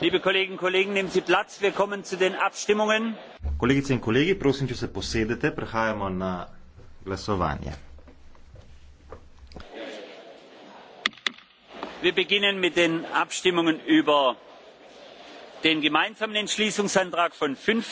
Liebe Kolleginnen und Kollegen, nehmen Sie Platz, wir kommen zu den Abstimmungen. Kolegice in kolegi, prosim, če se posedete, prehajamo na glasovanje. Wir beginnen mit den Abstimmungen über den gemeinsamen Entschließungsantrag von 5